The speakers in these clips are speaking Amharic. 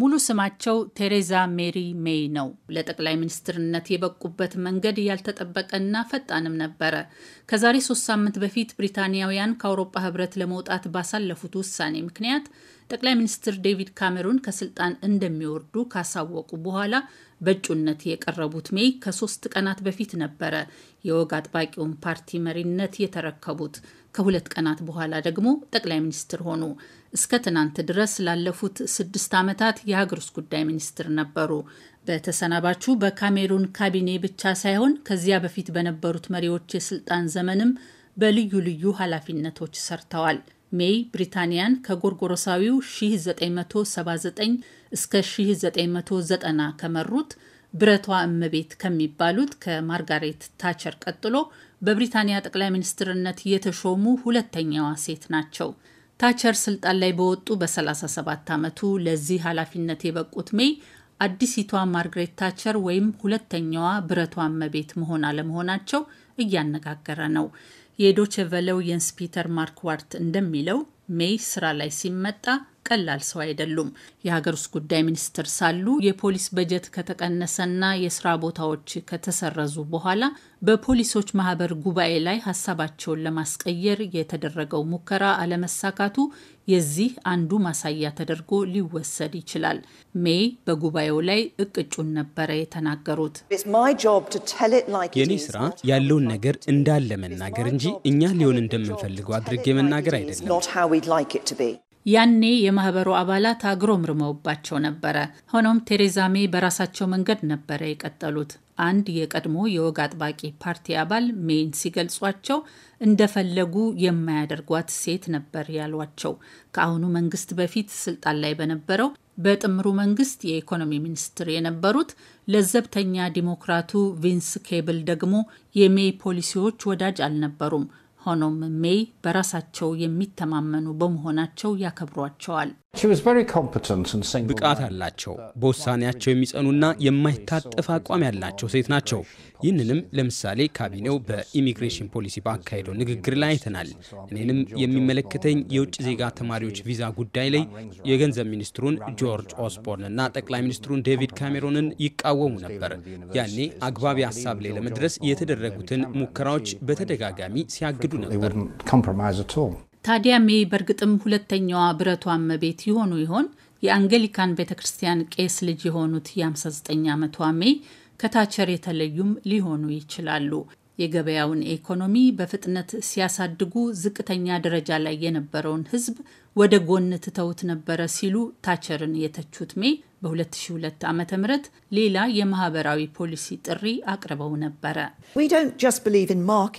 ሙሉ ስማቸው ቴሬዛ ሜሪ ሜይ ነው። ለጠቅላይ ሚኒስትርነት የበቁበት መንገድ ያልተጠበቀና ፈጣንም ነበረ። ከዛሬ ሶስት ሳምንት በፊት ብሪታንያውያን ከአውሮፓ ህብረት ለመውጣት ባሳለፉት ውሳኔ ምክንያት ጠቅላይ ሚኒስትር ዴቪድ ካሜሩን ከስልጣን እንደሚወርዱ ካሳወቁ በኋላ በእጩነት የቀረቡት ሜይ ከሶስት ቀናት በፊት ነበረ የወግ አጥባቂውን ፓርቲ መሪነት የተረከቡት። ከሁለት ቀናት በኋላ ደግሞ ጠቅላይ ሚኒስትር ሆኑ። እስከ ትናንት ድረስ ላለፉት ስድስት ዓመታት የሀገር ውስጥ ጉዳይ ሚኒስትር ነበሩ። በተሰናባቹ በካሜሩን ካቢኔ ብቻ ሳይሆን ከዚያ በፊት በነበሩት መሪዎች የስልጣን ዘመንም በልዩ ልዩ ኃላፊነቶች ሰርተዋል። ሜይ ብሪታንያን ከጎርጎሮሳዊው 979 እስከ 990 ከመሩት ብረቷ እመቤት ከሚባሉት ከማርጋሬት ታቸር ቀጥሎ በብሪታንያ ጠቅላይ ሚኒስትርነት የተሾሙ ሁለተኛዋ ሴት ናቸው። ታቸር ስልጣን ላይ በወጡ በ37 ዓመቱ ለዚህ ኃላፊነት የበቁት ሜይ አዲሲቷ ማርግሬት ታቸር ወይም ሁለተኛዋ ብረቷ እመቤት መሆን አለመሆናቸው እያነጋገረ ነው። የዶቸቨለው የንስ ፒተር ማርክዋርት እንደሚለው ሜይ ስራ ላይ ሲመጣ ቀላል ሰው አይደሉም። የሀገር ውስጥ ጉዳይ ሚኒስትር ሳሉ የፖሊስ በጀት ከተቀነሰና የስራ ቦታዎች ከተሰረዙ በኋላ በፖሊሶች ማህበር ጉባኤ ላይ ሀሳባቸውን ለማስቀየር የተደረገው ሙከራ አለመሳካቱ የዚህ አንዱ ማሳያ ተደርጎ ሊወሰድ ይችላል። ሜይ በጉባኤው ላይ እቅጩን ነበረ የተናገሩት። የኔ ስራ ያለውን ነገር እንዳለ መናገር እንጂ እኛ ሊሆን እንደምንፈልገው አድርጌ መናገር አይደለም። ያኔ የማህበሩ አባላት አግሮምርመውባቸው ነበረ። ሆኖም ቴሬዛ ሜይ በራሳቸው መንገድ ነበረ የቀጠሉት። አንድ የቀድሞ የወግ አጥባቂ ፓርቲ አባል ሜይን ሲገልጿቸው እንደፈለጉ የማያደርጓት ሴት ነበር ያሏቸው። ከአሁኑ መንግስት በፊት ስልጣን ላይ በነበረው በጥምሩ መንግስት የኢኮኖሚ ሚኒስትር የነበሩት ለዘብተኛ ዲሞክራቱ ቪንስ ኬብል ደግሞ የሜይ ፖሊሲዎች ወዳጅ አልነበሩም። ሆኖም ሜይ በራሳቸው የሚተማመኑ በመሆናቸው ያከብሯቸዋል። ብቃት አላቸው። በውሳኔያቸው የሚጸኑና የማይታጠፍ አቋም ያላቸው ሴት ናቸው። ይህንንም ለምሳሌ ካቢኔው በኢሚግሬሽን ፖሊሲ ባካሄደው ንግግር ላይ አይተናል። እኔንም የሚመለከተኝ የውጭ ዜጋ ተማሪዎች ቪዛ ጉዳይ ላይ የገንዘብ ሚኒስትሩን ጆርጅ ኦስቦርን እና ጠቅላይ ሚኒስትሩን ዴቪድ ካሜሮንን ይቃወሙ ነበር። ያኔ አግባቢ ሀሳብ ላይ ለመድረስ የተደረጉትን ሙከራዎች በተደጋጋሚ ሲያግዱ ይሄዱ ነበር። ታዲያ ሜይ በእርግጥም ሁለተኛዋ ብረቷም ቤት የሆኑ ይሆን? የአንገሊካን ቤተ ክርስቲያን ቄስ ልጅ የሆኑት የ59 ዓመቷ ሜይ ከታቸር የተለዩም ሊሆኑ ይችላሉ። የገበያውን ኢኮኖሚ በፍጥነት ሲያሳድጉ ዝቅተኛ ደረጃ ላይ የነበረውን ሕዝብ ወደ ጎን ትተውት ነበረ ሲሉ ታቸርን የተቹት ሜ በ2002 ዓ ም ሌላ የማህበራዊ ፖሊሲ ጥሪ አቅርበው ነበረ።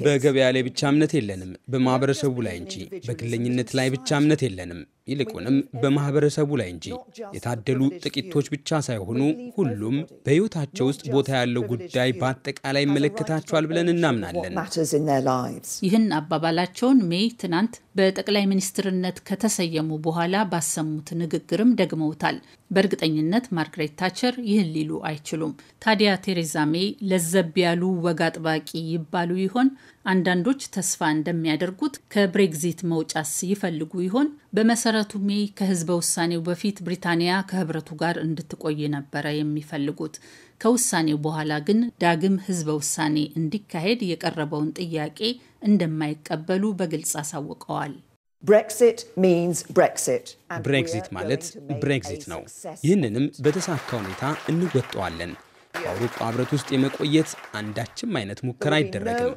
በገበያ ላይ ብቻ እምነት የለንም፣ በማህበረሰቡ ላይ እንጂ። በግለኝነት ላይ ብቻ እምነት የለንም፣ ይልቁንም በማህበረሰቡ ላይ እንጂ። የታደሉ ጥቂቶች ብቻ ሳይሆኑ ሁሉም በሕይወታቸው ውስጥ ቦታ ያለው ጉዳይ በአጠቃላይ ይመለከታቸዋል ብለን እናምናለን። ይህን አባባላቸውን ሜይ ትናንት በጠቅላይ ሚኒስትርነት ከተሰ ከተሰየሙ በኋላ ባሰሙት ንግግርም ደግመውታል። በእርግጠኝነት ማርግሬት ታቸር ይህን ሊሉ አይችሉም። ታዲያ ቴሬዛ ሜይ ለዘብ ያሉ ወግ አጥባቂ ይባሉ ይሆን? አንዳንዶች ተስፋ እንደሚያደርጉት ከብሬግዚት መውጫስ ይፈልጉ ይሆን? በመሰረቱ ሜይ ከህዝበ ውሳኔው በፊት ብሪታንያ ከህብረቱ ጋር እንድትቆይ ነበረ የሚፈልጉት። ከውሳኔው በኋላ ግን ዳግም ህዝበ ውሳኔ እንዲካሄድ የቀረበውን ጥያቄ እንደማይቀበሉ በግልጽ አሳውቀዋል። ብሬግዚት ማለት ብሬግዚት ነው። ይህንንም በተሳካ ሁኔታ እንወጣዋለን። በአውሮፓ ህብረት ውስጥ የመቆየት አንዳችም አይነት ሙከራ አይደረግም።